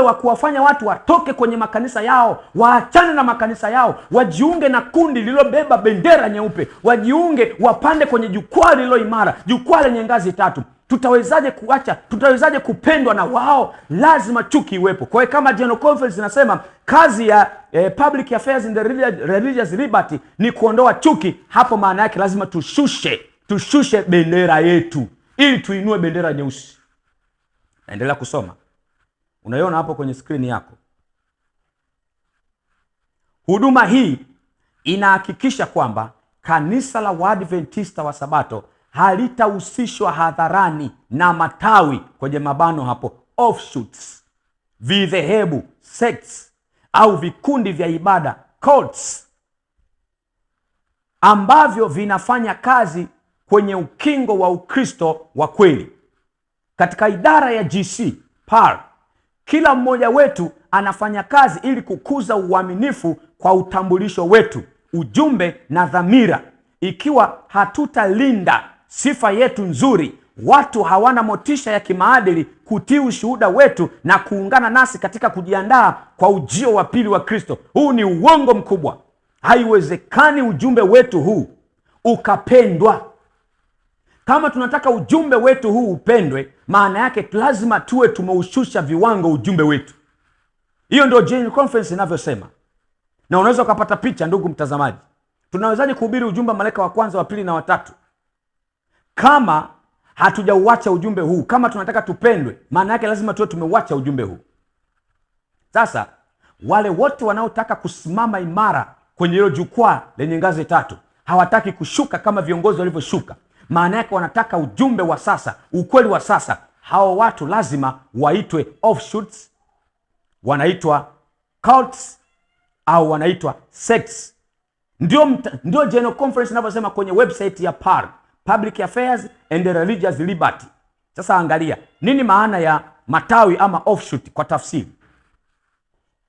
wa kuwafanya watu watoke kwenye makanisa yao, waachane na makanisa yao, wajiunge na kundi lililobeba bendera nyeupe, wajiunge, wapande kwenye jukwaa lililo imara, jukwaa lenye ngazi tatu. Tutawezaje kuacha? Tutawezaje kupendwa na wao? Lazima chuki iwepo. Kwa hiyo kama General Conference inasema kazi ya eh, public affairs in the religious liberty ni kuondoa chuki, hapo maana yake lazima tushushe, tushushe bendera yetu ili tuinue bendera nyeusi. Naendelea kusoma. Unaiona hapo kwenye skrini yako. Huduma hii inahakikisha kwamba kanisa la Waadventista wa Sabato halitahusishwa hadharani na matawi kwenye mabano hapo offshoots, vidhehebu, sects au vikundi vya ibada cults, ambavyo vinafanya kazi kwenye ukingo wa Ukristo wa kweli. Katika idara ya GC PAR kila mmoja wetu anafanya kazi ili kukuza uaminifu kwa utambulisho wetu, ujumbe na dhamira. Ikiwa hatutalinda sifa yetu nzuri, watu hawana motisha ya kimaadili kutii ushuhuda wetu na kuungana nasi katika kujiandaa kwa ujio wa pili wa Kristo. Huu ni uongo mkubwa. Haiwezekani ujumbe wetu huu ukapendwa. Kama tunataka ujumbe wetu huu upendwe, maana yake lazima tuwe tumeushusha viwango ujumbe wetu. Hiyo ndio Conference inavyosema, na unaweza ukapata picha, ndugu mtazamaji. tunawezaji kuhubiri ujumbe wa malaika wa kwanza, wa pili na watatu kama hatujauacha ujumbe huu? Kama tunataka tupendwe, maana yake lazima tuwe tumeuacha ujumbe huu. Sasa wale wote wanaotaka kusimama imara kwenye hilo jukwaa lenye ngazi tatu hawataki kushuka kama viongozi walivyoshuka. Maana yake wanataka ujumbe wa sasa, ukweli wa sasa. Hao watu lazima waitwe offshoots, wanaitwa cults au wanaitwa sects. Ndio, ndio General Conference inavyosema kwenye website ya PAR, Public Affairs and Religious Liberty. Sasa angalia nini maana ya matawi ama offshoot kwa tafsiri.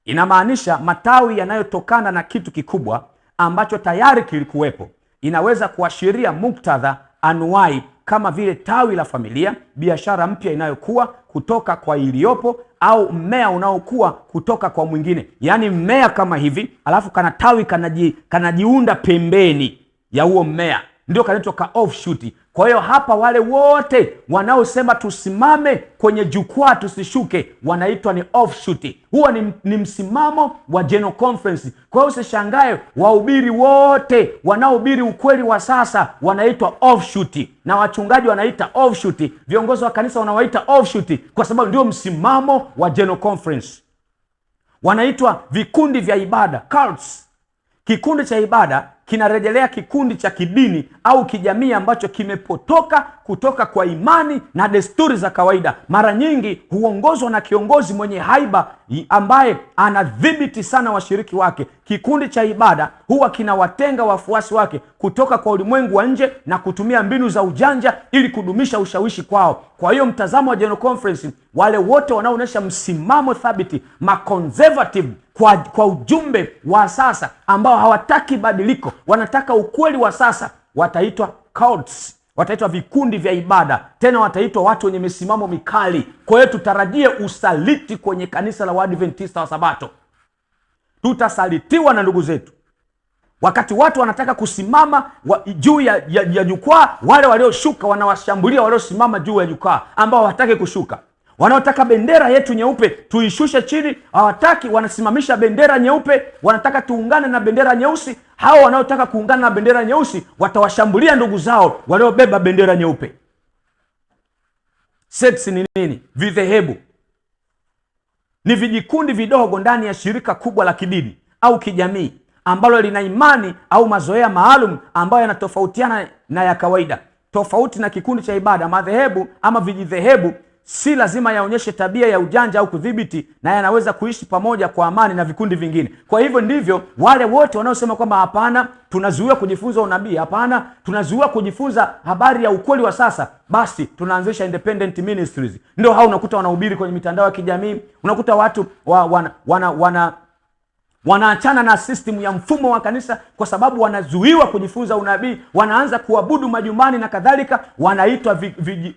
Inamaanisha matawi yanayotokana na kitu kikubwa ambacho tayari kilikuwepo. Inaweza kuashiria muktadha anuai kama vile tawi la familia, biashara mpya inayokuwa kutoka kwa iliyopo, au mmea unaokuwa kutoka kwa mwingine. Yaani mmea kama hivi, alafu kana tawi kanaji, kanajiunda pembeni ya huo mmea, ndio kanaitwa ka offshoot. Kwa hiyo hapa wale wote wanaosema tusimame kwenye jukwaa tusishuke, wanaitwa ni offshoot. Huwa ni, ni msimamo wa General Conference. Kwa hiyo usishangae wahubiri wote wanaohubiri ukweli wa sasa wanaitwa offshoot, na wachungaji wanaita offshoot, viongozi wa kanisa wanawaita offshoot, kwa sababu ndio msimamo wa General Conference. Wanaitwa vikundi vya ibada cults. Kikundi cha ibada kinarejelea kikundi cha kidini au kijamii ambacho kimepotoka kutoka kwa imani na desturi za kawaida. Mara nyingi huongozwa na kiongozi mwenye haiba ambaye anadhibiti sana washiriki wake. Kikundi cha ibada huwa kinawatenga wafuasi wake kutoka kwa ulimwengu wa nje na kutumia mbinu za ujanja ili kudumisha ushawishi kwao. Kwa hiyo mtazamo wa General Conference, wale wote wanaoonyesha msimamo thabiti, maconservative kwa, kwa ujumbe wa sasa ambao hawataki badiliko, wanataka ukweli wa sasa, wataitwa cults wataitwa vikundi vya ibada, tena wataitwa watu wenye misimamo mikali. Kwa hiyo tutarajie usaliti kwenye kanisa la Waadventista wa Sabato, tutasalitiwa na ndugu zetu wakati watu wanataka kusimama wa, juu ya jukwaa. Wale walioshuka wanawashambulia waliosimama juu ya jukwaa ambao hawataki kushuka. Wanaotaka bendera yetu nyeupe tuishushe chini, hawataki, wanasimamisha bendera nyeupe, wanataka tuungane na bendera nyeusi. Hao wanaotaka kuungana na bendera nyeusi watawashambulia ndugu zao waliobeba bendera nyeupe. Sekti ni nini? Vidhehebu ni vijikundi vidogo ndani ya shirika kubwa la kidini au kijamii ambalo lina imani au mazoea maalum ambayo yanatofautiana na ya kawaida. Tofauti na kikundi cha ibada, madhehebu ama vijidhehebu si lazima yaonyeshe tabia ya ujanja au kudhibiti, na yanaweza kuishi pamoja kwa amani na vikundi vingine. Kwa hivyo ndivyo wale wote wanaosema kwamba hapana, tunazuiwa kujifunza unabii, hapana, tunazuiwa kujifunza habari ya ukweli wa sasa, basi tunaanzisha independent ministries. Ndio hao unakuta wanahubiri kwenye mitandao ya kijamii, unakuta watu wa, wana, wana, wana wanaachana na system ya mfumo wa kanisa kwa sababu wanazuiwa kujifunza unabii, wanaanza kuabudu majumbani na kadhalika. Wanaitwa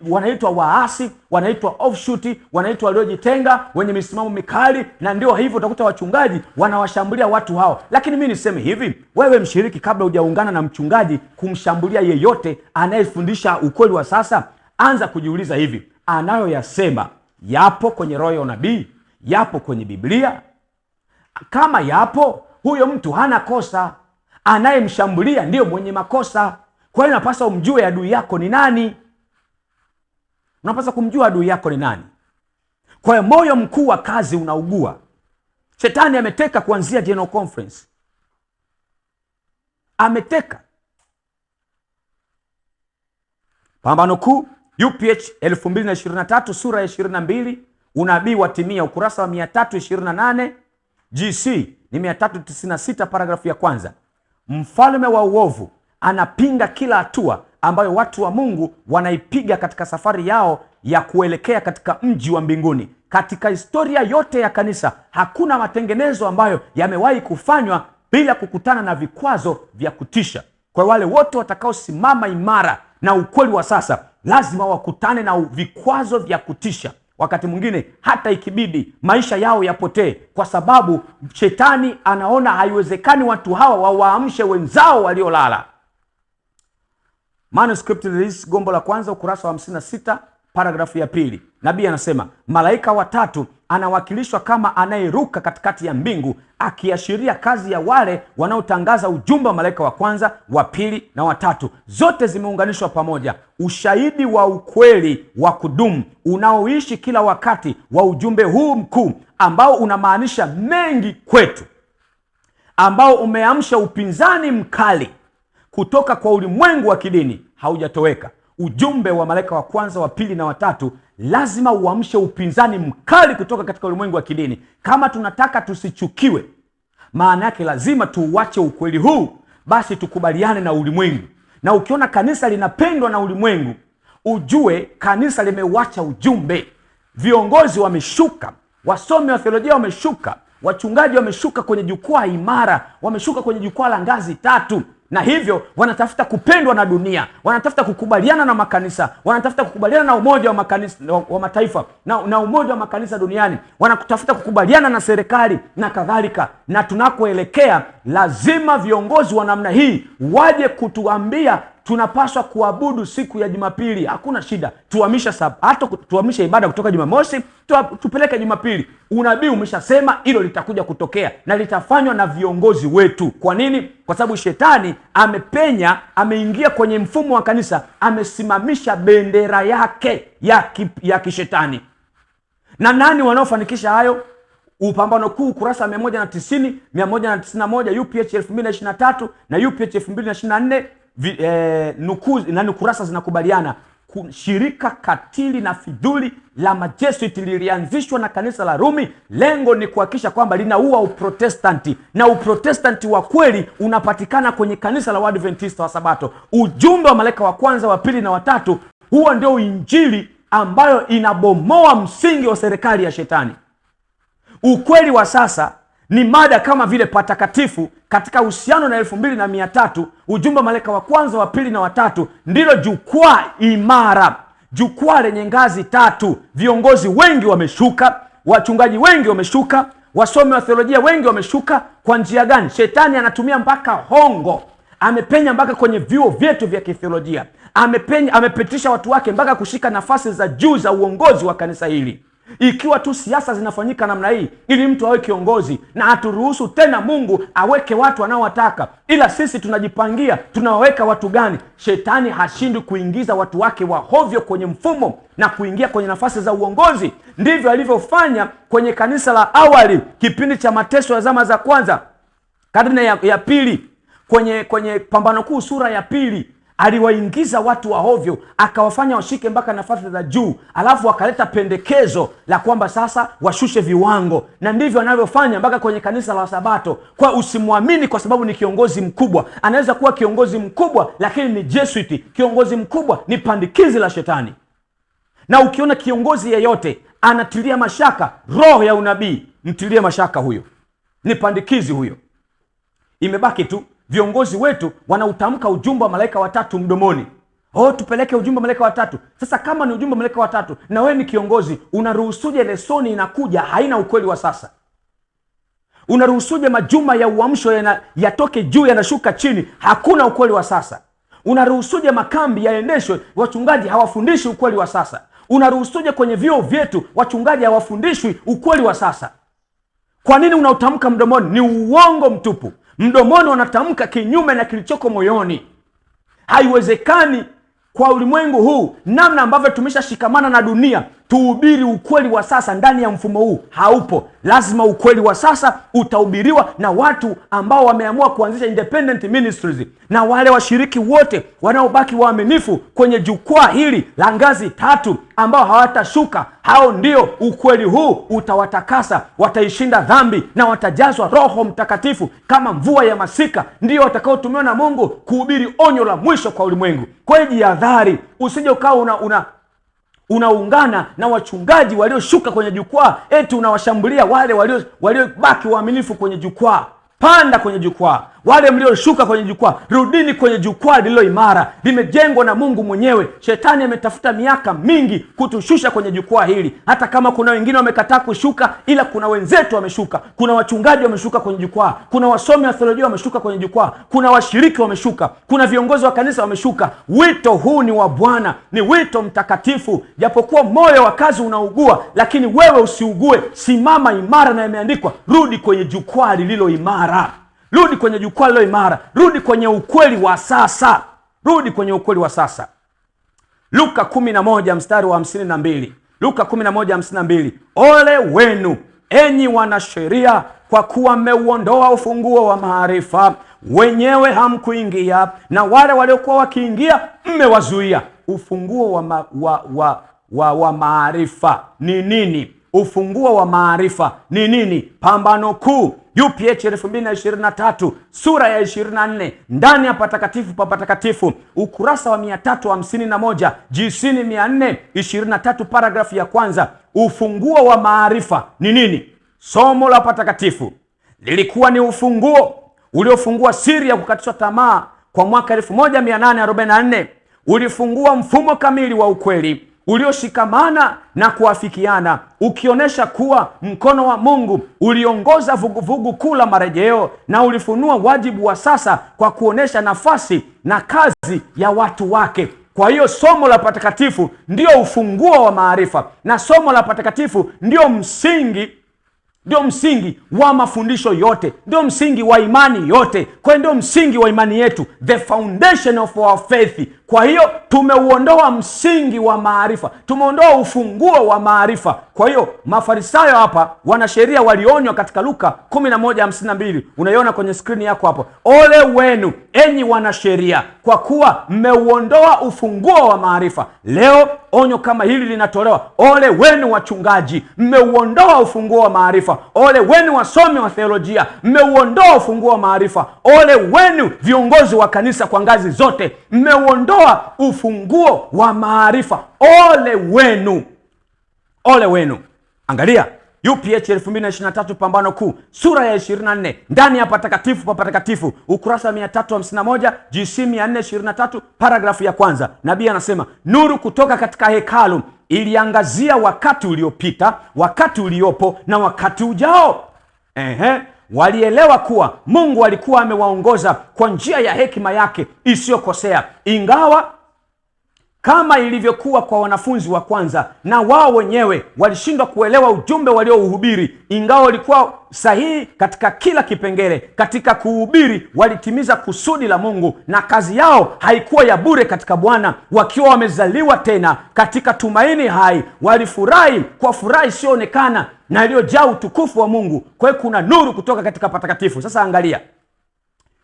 wanaitwa waasi, wanaitwa offshoot, wanaitwa waliojitenga, wenye misimamo mikali, na ndio hivyo utakuta wachungaji wanawashambulia watu hao. Lakini mi niseme hivi, wewe mshiriki, kabla hujaungana na mchungaji kumshambulia yeyote anayefundisha ukweli wa sasa, anza kujiuliza hivi, anayoyasema yapo kwenye roho ya unabii? Yapo kwenye Biblia? kama yapo, huyo mtu hana kosa, anayemshambulia ndiyo mwenye makosa. Kwa hiyo unapaswa umjue adui yako ni nani, unapaswa kumjua adui yako ni nani. Kwa hiyo moyo mkuu wa kazi unaugua. Shetani ameteka kuanzia General Conference, ameteka Pambano Kuu UPH 223 sura ya 22 unabii watimia, ukurasa wa 328 GC ni 396 paragrafu ya kwanza. Mfalme wa uovu anapinga kila hatua ambayo watu wa Mungu wanaipiga katika safari yao ya kuelekea katika mji wa mbinguni. Katika historia yote ya kanisa hakuna matengenezo ambayo yamewahi kufanywa bila kukutana na vikwazo vya kutisha. Kwa wale wote watakaosimama imara na ukweli wa sasa, lazima wakutane na vikwazo vya kutisha wakati mwingine hata ikibidi maisha yao yapotee, kwa sababu shetani anaona haiwezekani watu hawa wawaamshe wenzao waliolala. Manuscript Release, gombo la kwanza, ukurasa wa 56 paragrafu ya pili, nabii anasema malaika watatu anawakilishwa kama anayeruka katikati ya mbingu, akiashiria kazi ya wale wanaotangaza ujumbe wa malaika wa kwanza, wa pili na watatu. Zote zimeunganishwa pamoja, ushahidi wa ukweli wa kudumu unaoishi kila wakati wa ujumbe huu mkuu, ambao unamaanisha mengi kwetu, ambao umeamsha upinzani mkali kutoka kwa ulimwengu wa kidini haujatoweka. Ujumbe wa malaika wa kwanza, wa pili na watatu lazima uamshe upinzani mkali kutoka katika ulimwengu wa kidini. Kama tunataka tusichukiwe, maana yake lazima tuuache ukweli huu, basi tukubaliane na ulimwengu. Na ukiona kanisa linapendwa na ulimwengu, ujue kanisa limeuacha ujumbe. Viongozi wameshuka, wasomi wa theolojia wameshuka, wachungaji wameshuka kwenye jukwaa imara, wameshuka kwenye jukwaa la ngazi tatu na hivyo wanatafuta kupendwa na dunia, wanatafuta kukubaliana na makanisa, wanatafuta kukubaliana na umoja wa makanisa wa mataifa na, na umoja wa makanisa duniani, wanatafuta kukubaliana na serikali na kadhalika. Na tunakoelekea lazima viongozi wa namna hii waje kutuambia tunapaswa kuabudu siku ya Jumapili, hakuna shida. tuamisha sab hata tuamisha ibada kutoka Jumamosi tupeleke Jumapili. Unabii umeshasema hilo litakuja kutokea na litafanywa na viongozi wetu. Kwa nini? Kwa sababu shetani amepenya, ameingia kwenye mfumo wa kanisa, amesimamisha bendera yake ya, ki, ya kishetani. Na nani wanaofanikisha hayo? Upambano Kuu kurasa na 191, UPH 2023 na UPH 2024 vi, e, nukuu nani kurasa zinakubaliana shirika katili na fidhuli la majesuiti lilianzishwa na kanisa la Rumi. Lengo ni kuhakikisha kwamba linaua uprotestanti, na uprotestanti wa kweli unapatikana kwenye kanisa la Waadventista wa Sabato. Ujumbe wa malaika wa kwanza, wa pili na watatu, huo ndio injili ambayo inabomoa msingi wa serikali ya Shetani. Ukweli wa sasa ni mada kama vile patakatifu katika uhusiano na elfu mbili na mia tatu ujumbe wa malaika wa kwanza wa pili na watatu ndilo jukwaa imara, jukwaa lenye ngazi tatu. Viongozi wengi wameshuka, wachungaji wengi wameshuka, wasomi wa theolojia wengi wameshuka. Kwa njia gani? Shetani anatumia mpaka hongo, amepenya mpaka kwenye vyuo vyetu vya kithiolojia amepenya, amepitisha watu wake mpaka kushika nafasi za juu za uongozi wa kanisa hili. Ikiwa tu siasa zinafanyika namna hii ili mtu awe kiongozi, na haturuhusu tena Mungu aweke watu anaowataka, ila sisi tunajipangia tunawaweka watu gani. Shetani hashindwi kuingiza watu wake wahovyo kwenye mfumo na kuingia kwenye nafasi za uongozi. Ndivyo alivyofanya kwenye kanisa la awali, kipindi cha mateso ya zama za kwanza, karne ya, ya pili, kwenye kwenye Pambano Kuu sura ya pili aliwaingiza watu wahovyo akawafanya washike mpaka nafasi za juu, alafu akaleta pendekezo la kwamba sasa washushe viwango, na ndivyo anavyofanya mpaka kwenye kanisa la Sabato. Kwa usimwamini kwa sababu ni kiongozi mkubwa. Anaweza kuwa kiongozi mkubwa lakini ni Jesuiti. Kiongozi mkubwa ni pandikizi la Shetani, na ukiona kiongozi yeyote anatilia mashaka roho ya unabii, mtilie mashaka huyo, ni pandikizi huyo. Imebaki tu viongozi wetu wanautamka ujumbe wa malaika watatu mdomoni. Oh, tupeleke ujumbe wa malaika watatu. Sasa kama ni ujumbe wa malaika watatu na wewe ni kiongozi, unaruhusuje lesoni inakuja haina ukweli wa sasa? Unaruhusuje majuma ya uamsho yatoke yatoke juu yanashuka chini, hakuna ukweli wa sasa? Unaruhusuje makambi yaendeshwe, wachungaji hawafundishi ukweli wa sasa? Unaruhusuje kwenye vyuo vyetu wachungaji hawafundishwi ukweli wa sasa? Kwa nini unautamka mdomoni? Ni uongo mtupu mdomoni wanatamka kinyume na kilichoko moyoni. Haiwezekani kwa ulimwengu huu, namna ambavyo tumeshashikamana na dunia Tuhubiri ukweli wa sasa ndani ya mfumo huu haupo. Lazima ukweli wa sasa utahubiriwa na watu ambao wameamua kuanzisha independent ministries, na wale washiriki wote wanaobaki waaminifu kwenye jukwaa hili la ngazi tatu, ambao hawatashuka, hao ndio ukweli huu utawatakasa. Wataishinda dhambi na watajazwa Roho Mtakatifu kama mvua ya masika, ndio watakaotumiwa na Mungu kuhubiri onyo la mwisho kwa ulimwengu. Kwa hiyo jihadhari, usije ukawa una, una unaungana na wachungaji walioshuka kwenye jukwaa, eti unawashambulia wale waliobaki waaminifu kwenye jukwaa. Panda kwenye jukwaa wale mlioshuka kwenye jukwaa, rudini kwenye jukwaa lililo imara, limejengwa na Mungu mwenyewe. Shetani ametafuta miaka mingi kutushusha kwenye jukwaa hili, hata kama kuna wengine wamekataa kushuka, ila kuna wenzetu wameshuka. Kuna wachungaji wameshuka kwenye jukwaa, kuna wasomi wa theolojia wameshuka kwenye jukwaa, kuna washiriki wameshuka, kuna viongozi wa kanisa wameshuka. Wito huu ni wa Bwana, ni wito mtakatifu. Japokuwa moyo wa kazi unaugua, lakini wewe usiugue, simama imara, na imeandikwa rudi kwenye jukwaa lililo imara. Rudi kwenye jukwaa lilo imara, rudi kwenye ukweli wa sasa, rudi kwenye ukweli wa sasa. Luka 11 mstari wa 52, Luka 11 Ole wenu enyi wanasheria, kwa kuwa mmeuondoa ufunguo wa maarifa, wenyewe hamkuingia, na wale waliokuwa wakiingia mmewazuia. Ufunguo wa, ma, wa, wa, wa, wa maarifa ni nini? Ufunguo wa maarifa ni nini? Pambano kuu UPH 2023 sura ya 24 ndani ya patakatifu pa patakatifu ukurasa wa 351 jisini 423 paragrafu ya kwanza. Ufunguo wa maarifa ni nini? Somo la patakatifu lilikuwa ni ufunguo uliofungua siri ya kukatishwa tamaa kwa mwaka 1844 ulifungua mfumo kamili wa ukweli ulioshikamana na kuafikiana ukionyesha kuwa mkono wa Mungu uliongoza vuguvugu kuu la marejeo na ulifunua wajibu wa sasa kwa kuonyesha nafasi na kazi ya watu wake. Kwa hiyo somo la patakatifu ndio ufunguo wa maarifa na somo la patakatifu ndio msingi ndio msingi wa mafundisho yote, ndio msingi wa imani yote. Kwa ndio msingi wa imani yetu, the foundation of our faith. Kwa hiyo tumeuondoa msingi wa maarifa, tumeondoa ufunguo wa maarifa. Kwa hiyo Mafarisayo hapa, wanasheria walionywa katika Luka 11:52 unaiona kwenye skrini yako hapo, ole wenu enyi wanasheria, kwa kuwa mmeuondoa ufunguo wa maarifa. Leo onyo kama hili linatolewa. Ole wenu wachungaji, mmeuondoa ufunguo wa maarifa. Ole wenu wasomi wa theolojia, mmeuondoa ufunguo wa maarifa. Ole wenu viongozi wa kanisa kwa ngazi zote, mmeuondoa ufunguo wa maarifa. Ole wenu, ole wenu. Angalia UPH 2023 pambano kuu sura ya 24 ndani ya patakatifu pa patakatifu ukurasa 351 GC 423 paragrafu ya kwanza, nabii anasema nuru kutoka katika hekalu iliangazia wakati uliopita, wakati uliopo na wakati ujao. Ehe, walielewa kuwa Mungu alikuwa amewaongoza kwa njia ya hekima yake isiyokosea ingawa kama ilivyokuwa kwa wanafunzi wa kwanza, na wao wenyewe walishindwa kuelewa ujumbe waliouhubiri, ingawa walikuwa sahihi katika kila kipengele. Katika kuhubiri walitimiza kusudi la Mungu, na kazi yao haikuwa ya bure katika Bwana. Wakiwa wamezaliwa tena katika tumaini hai, walifurahi kwa furaha isiyoonekana na iliyojaa utukufu wa Mungu. Kwa hiyo kuna nuru kutoka katika patakatifu. Sasa angalia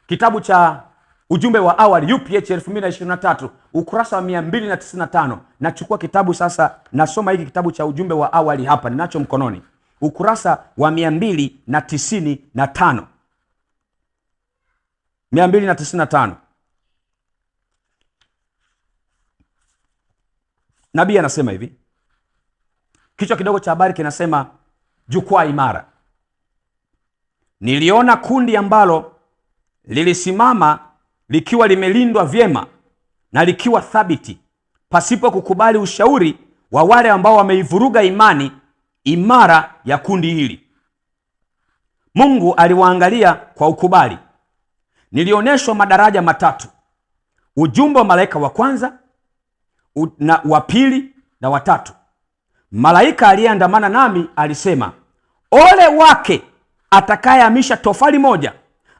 kitabu cha Ujumbe wa awali UPH 2023 ukurasa wa 295. Nachukua kitabu sasa, nasoma hiki kitabu cha ujumbe wa awali hapa ninacho mkononi, ukurasa wa 295, 295. Nabii anasema hivi, kichwa kidogo cha habari kinasema jukwaa imara. Niliona kundi ambalo lilisimama likiwa limelindwa vyema na likiwa thabiti pasipo kukubali ushauri wa wale ambao wameivuruga imani imara ya kundi hili. Mungu aliwaangalia kwa ukubali. nilionyeshwa madaraja matatu: ujumbe wa malaika wa kwanza na wa pili na watatu. Malaika aliyeandamana nami alisema, ole wake atakayehamisha tofali moja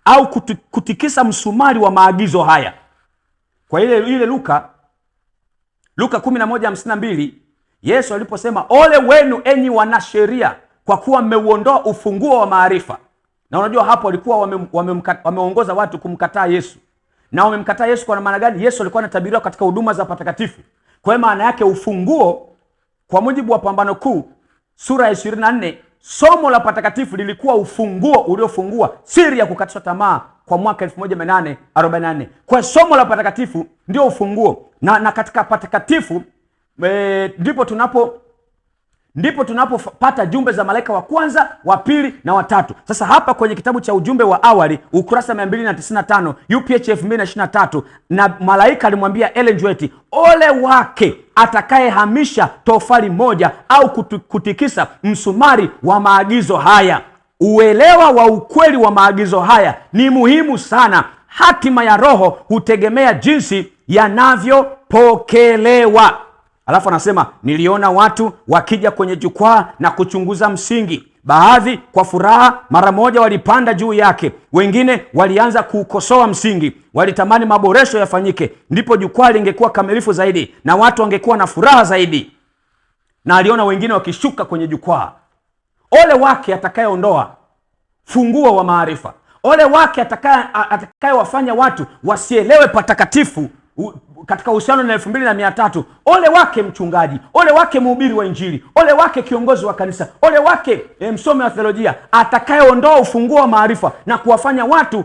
au kutikisa msumari wa maagizo haya kwa ile ile Luka Luka 11:52 Yesu aliposema ole wenu enyi wanasheria kwa kuwa mmeuondoa ufunguo wa maarifa. Na unajua hapo walikuwa wameongoza wame, wame watu kumkataa Yesu, na wamemkataa Yesu kwa maana gani? Yesu alikuwa anatabiriwa katika huduma za patakatifu. Kwa hiyo maana yake ufunguo, kwa mujibu wa Pambano Kuu sura ya 24 Somo la patakatifu lilikuwa ufunguo uliofungua siri ya kukatishwa tamaa kwa mwaka 1844. Kwa somo la patakatifu ndio ufunguo na, na katika patakatifu e, ndipo tunapo ndipo tunapopata jumbe za malaika wa kwanza, wa pili na watatu. Sasa hapa kwenye kitabu cha ujumbe wa awali ukurasa 295 UPHF 23 na malaika alimwambia Ellen White, ole wake atakayehamisha tofali moja au kutikisa msumari wa maagizo haya. Uelewa wa ukweli wa maagizo haya ni muhimu sana. Hatima ya roho hutegemea jinsi yanavyopokelewa. Alafu anasema niliona watu wakija kwenye jukwaa na kuchunguza msingi. Baadhi kwa furaha mara moja walipanda juu yake, wengine walianza kuukosoa msingi, walitamani maboresho yafanyike, ndipo jukwaa lingekuwa kamilifu zaidi na watu wangekuwa na furaha zaidi. Na aliona wengine wakishuka kwenye jukwaa. Ole wake atakayeondoa funguo wa maarifa. Ole wake atakayewafanya watu wasielewe patakatifu katika uhusiano na elfu mbili na mia tatu ole wake mchungaji, ole wake mhubiri wa Injili, ole wake kiongozi wa kanisa, ole wake e, msomi wa theolojia atakayeondoa ufunguo wa maarifa na kuwafanya watu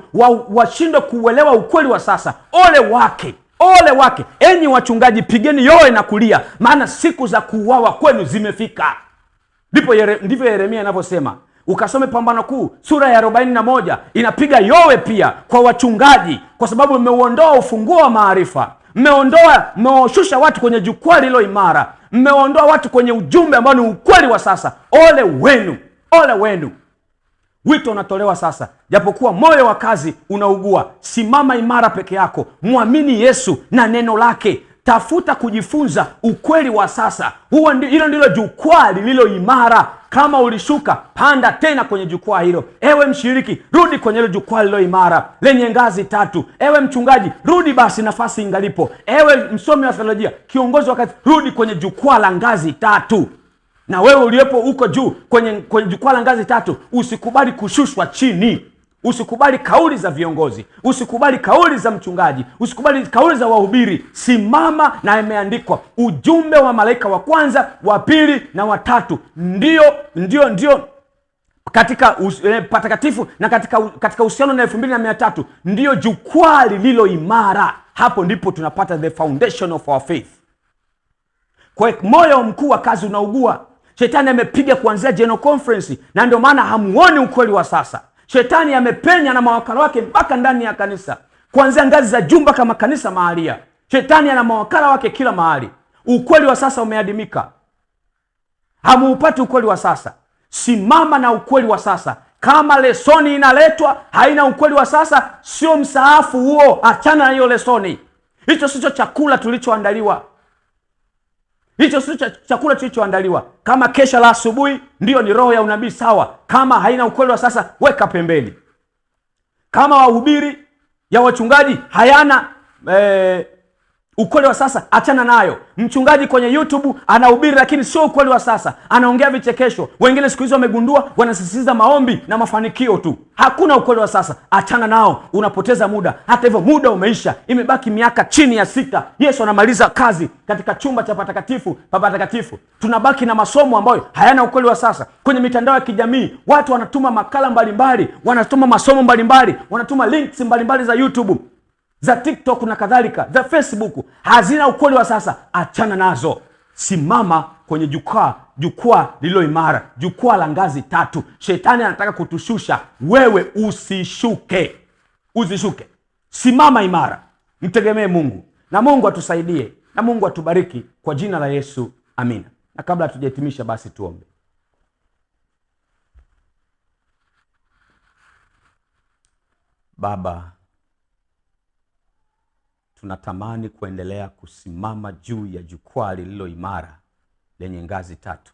washindwe wa kuuelewa ukweli wa sasa. Ole wake ole wake. Enyi wachungaji, pigeni yoe na kulia, maana siku za kuuawa kwenu zimefika. Ndivyo Yeremia anavyosema ukasome Pambano Kuu sura ya 41 inapiga yowe pia kwa wachungaji, kwa sababu mmeuondoa ufunguo wa maarifa, mmeondoa, mmewashusha watu kwenye jukwaa lililo imara, mmeondoa watu kwenye ujumbe ambao ni ukweli wa sasa. Ole wenu, ole wenu. Wito unatolewa sasa, japokuwa moyo wa kazi unaugua. Simama imara peke yako, mwamini Yesu na neno lake. Tafuta kujifunza ukweli wa sasa. Huo ndi, hilo ndilo jukwaa lililo imara. Kama ulishuka, panda tena kwenye jukwaa hilo. Ewe mshiriki, rudi kwenye hilo jukwaa lililo imara lenye ngazi tatu. Ewe mchungaji, rudi basi nafasi ingalipo. Ewe msomi wa theolojia, kiongozi wa kazi, rudi kwenye jukwaa la ngazi tatu. Na wewe uliopo huko juu kwenye, kwenye jukwaa la ngazi tatu, usikubali kushushwa chini. Usikubali kauli za viongozi, usikubali kauli za mchungaji, usikubali kauli za wahubiri. Simama na imeandikwa, ujumbe wa malaika wa kwanza, wa pili na watatu ndio ndio ndio katika eh, patakatifu na katika katika uhusiano na elfu mbili na mia tatu ndiyo jukwaa lililo imara. Hapo ndipo tunapata the foundation of our faith. Kwa moyo mkuu wa kazi unaugua, shetani amepiga kuanzia General Conference, na ndio maana hamuoni ukweli wa sasa. Shetani amepenya na mawakala wake mpaka ndani ya kanisa, kuanzia ngazi za juu mpaka makanisa mahalia. Shetani ana mawakala wake kila mahali. Ukweli wa sasa umeadimika, hamuupati ukweli wa sasa. Simama na ukweli wa sasa. Kama lesoni inaletwa haina ukweli wa sasa, sio msaafu huo, achana na hiyo lesoni. Hicho sicho chakula tulichoandaliwa. Hicho sio chakula kilichoandaliwa. Kama kesha la asubuhi ndiyo ni roho ya unabii sawa, kama haina ukweli wa sasa weka pembeni. Kama wahubiri ya wachungaji hayana eh, Ukweli wa sasa achana nayo. Mchungaji kwenye YouTube anahubiri, lakini sio ukweli wa sasa, anaongea vichekesho. Wengine siku hizi wamegundua, wanasisitiza maombi na mafanikio tu, hakuna ukweli wa sasa. Achana nao, unapoteza muda. Hata hivyo muda umeisha, imebaki miaka chini ya sita. Yesu anamaliza kazi katika chumba cha patakatifu pa patakatifu. Tunabaki na masomo ambayo hayana ukweli wa sasa. Kwenye mitandao ya kijamii watu wanatuma makala mbalimbali, wanatuma masomo mbalimbali, wanatuma links mbalimbali za YouTube za TikTok na kadhalika za Facebook hazina ukweli wa sasa, achana nazo. Simama kwenye jukwaa, jukwaa lililo imara, jukwaa la ngazi tatu. Shetani anataka kutushusha, wewe usishuke, usishuke. Simama imara, mtegemee Mungu na Mungu atusaidie na Mungu atubariki kwa jina la Yesu, amina. Na kabla hatujahitimisha, basi tuombe. Baba tunatamani kuendelea kusimama juu ya jukwaa lililo imara lenye ngazi tatu.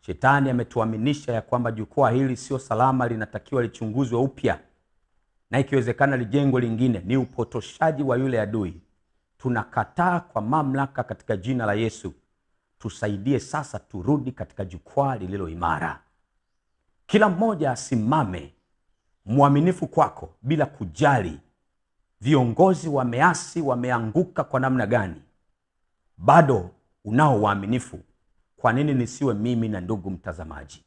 Shetani ametuaminisha ya, kwamba jukwaa hili sio salama, linatakiwa lichunguzwe upya na ikiwezekana lijengwe lingine. Ni upotoshaji wa yule adui. Tunakataa kwa mamlaka katika jina la Yesu. Tusaidie sasa turudi katika jukwaa lililo imara. Kila mmoja asimame mwaminifu kwako bila kujali viongozi wameasi, wameanguka kwa namna gani, bado unao waaminifu. Kwa nini nisiwe mimi? Na ndugu mtazamaji,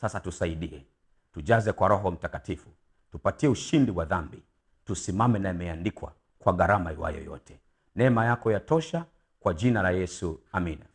sasa tusaidie, tujaze kwa Roho Mtakatifu, tupatie ushindi wa dhambi, tusimame na imeandikwa, kwa gharama iwayo yote. Neema yako yatosha, kwa jina la Yesu, amina.